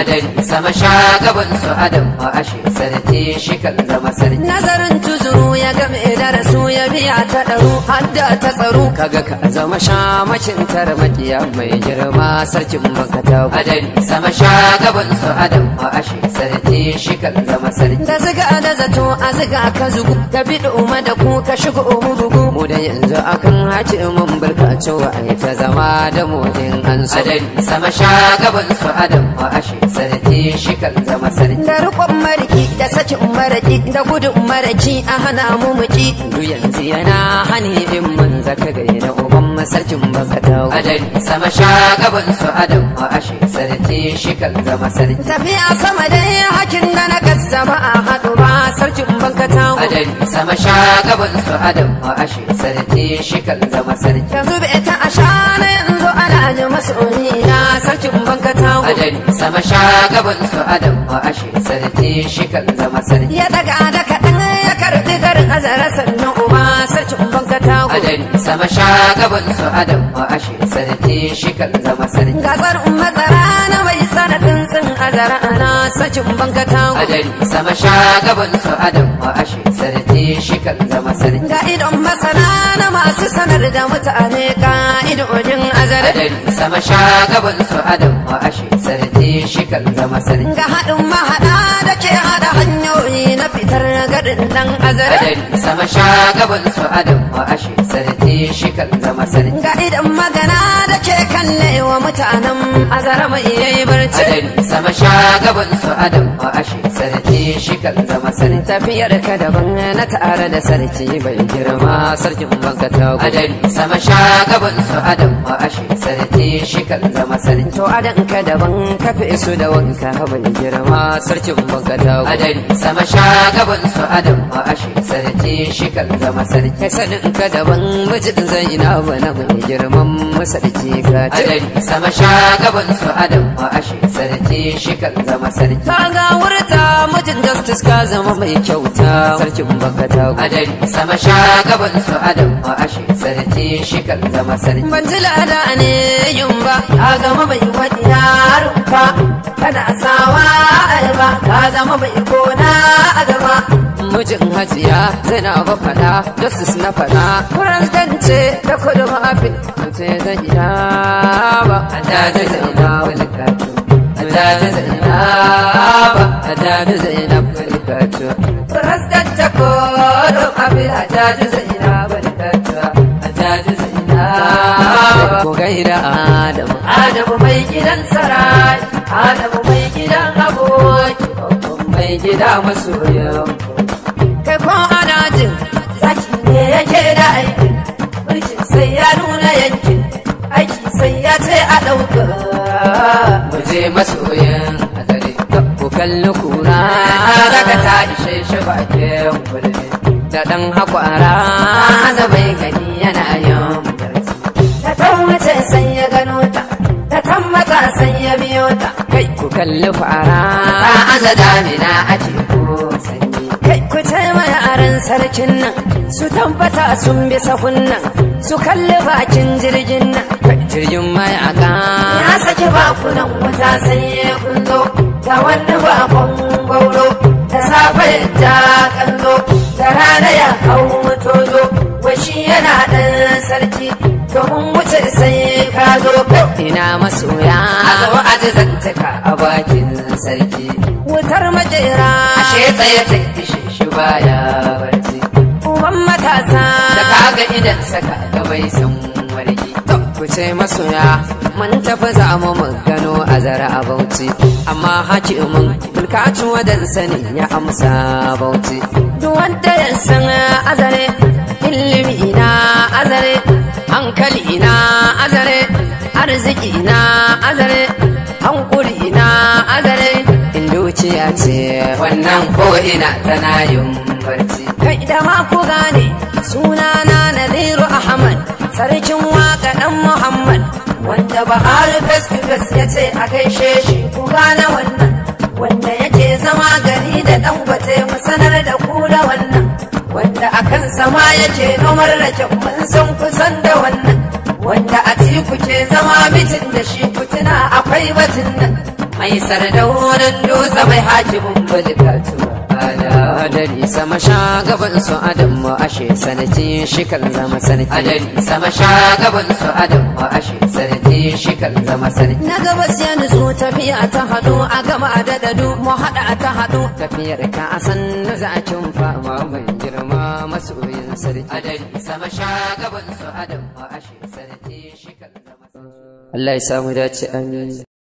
Adari sama shagaban su adam ba ashe sarki shi kan zama sarki. Nazarin tuzuru ya game da rasu ya biya ta ɗaru hadda ta tsaro. Kaga ka zama shamacin tara makiya mai girma sarkin makata. Adari sama shagaban su adam ba ashe sarki shi kan zama sarki. Da ziga da zato a ziga ka zugu ka bi ɗuma da ku ka shigo mu bugu. Mu da yanzu akan haci mun barka cewa ai ta zama da mu in an so. Adari sama shagaban su adam ba ashe sarki shi kan zama sarki da rukon mariki da sakin maraki da gudun maraki a hana mu muki du yanzu yana hani in mun zaka ga na uban masarkin baka dawo adali sama sha gaban su adam wa ashe sarki shi kan zama sarki tafiya sama dai hakin da na gazzama a haɗu ba sarkin baka dawo adali sama sha gaban su adam wa ashe sarki shi kan zama sarki yanzu bai ta ashana yanzu ana ji masoyi na sarkin baka ajali sama shagabin su adam ba ashe sarki shi kan zama sarki ya daga da kaɗan ya karɓi garin azara sannan uba sarki kun ka tago ajali sama shagabin su adam ba ashe sarki shi kan zama sarki umma tsara na bai sanatin sun azara ana sarki kun ka tago ajali sama shagabin su adam ba ashe sarki shi kan zama sarki ga idon masana na masu sanar da mutane ka idon azara ajali sama shagabin su adam shikan zama sani ga haɗin mahaɗa da ke haɗa hanyoyi na fitar garin dan azari sama shagaban su adam wa ashe sarki shi kan zama sani ga idan magana da ke kalle wa mutanen azara mai yayi barci sama shagaban su adam wa ashe sarki shi kan zama sani tafiyar ka daban na tare da sarki bai girma sarkin banka ta adali sama shagaban su adam ma ashe sarki shi kan zama sani to adan ka daban ka fi su da wanka bai girma sarkin banka ta adali sama shagaban su adam ma ashe sarki shi kan zama sani kai sanin ka daban mijin zaina bana mai girman masarki ka adali sama shagaban su adam ma ashe sarki shi kan zama sani ka ga wurta Rashin justice ka zama mai kyauta sarkin baka ta adari sama sha gaban su adam ma ashe sarki shi kan zama sarki. Ban ji lada ne yin ba ka zama mai wani yaron kana sawa alba ka zama mai kona a gaba. mijin hajiya zana ba fada justice na fada faran zance da kudu mafi ce zan ina ba a da zan ina wani kafin a daji zai ina ba a daji zan a caji a caji sa'ina ku gaira mai gidan mai gidan aboki mai gida masoyan kai ne yake da sai ya nuna yankin aiki sai ya ce a ɗauka je masoyan a zare ku kalli kura daga ta ishe shi bakin bulli da ɗan hakwara da bai gani yana yawan da kan wace san ya gano ta da kan matsa san ya biyo ta kai ku kalli fara da damina a teku sanyi kai ku taimaka ran sarkin nan su tabbata sun bi sahun nan su kalli bakin jirgin nan kai jirgin aka ya saki bakunan wata sai ya kullo ga wani bakon ina masoya a zo a ji zantaka a bakin sarki wutar majera ashe tsaye ta kishe shi baya barci uban matasa da kaga idan saka da bai san warki ku ce masoya mun tafi za mu gano a zara a bauchi amma haki mun bulkacin wadan sani ya amsa bauchi duk wanda ya san azare ilimi na azare hankali na azare arziki na azare hankuri na azare in dukiya ce wannan ko ina tana yin barci kai da ma ku gane suna na nadiru ahmad sarkin waka dan muhammad wanda har gaske ya ce a kai shi ku gane wannan wanda yake zama gari da dangote mu sanar da ku da wannan wanda akan sama yake nomar rake mun san kusan da wannan wanda a ci ke zama mijin da shi kutuna akwai batun nan mai sardaunan dutse mai hakimin bulgatu adari sama gaban su adam mu ashe shi kan zama sanaci adari sama gaban su adam mu ashe shi kan zama sanaci na sai ni nutsu tafiya ta hadu a gama adadadu mu hada ta hadu tafiyar ka a san na za a cin fama mai girma masoyin sarki adari sama sha gaban su Allah ya samu dace amin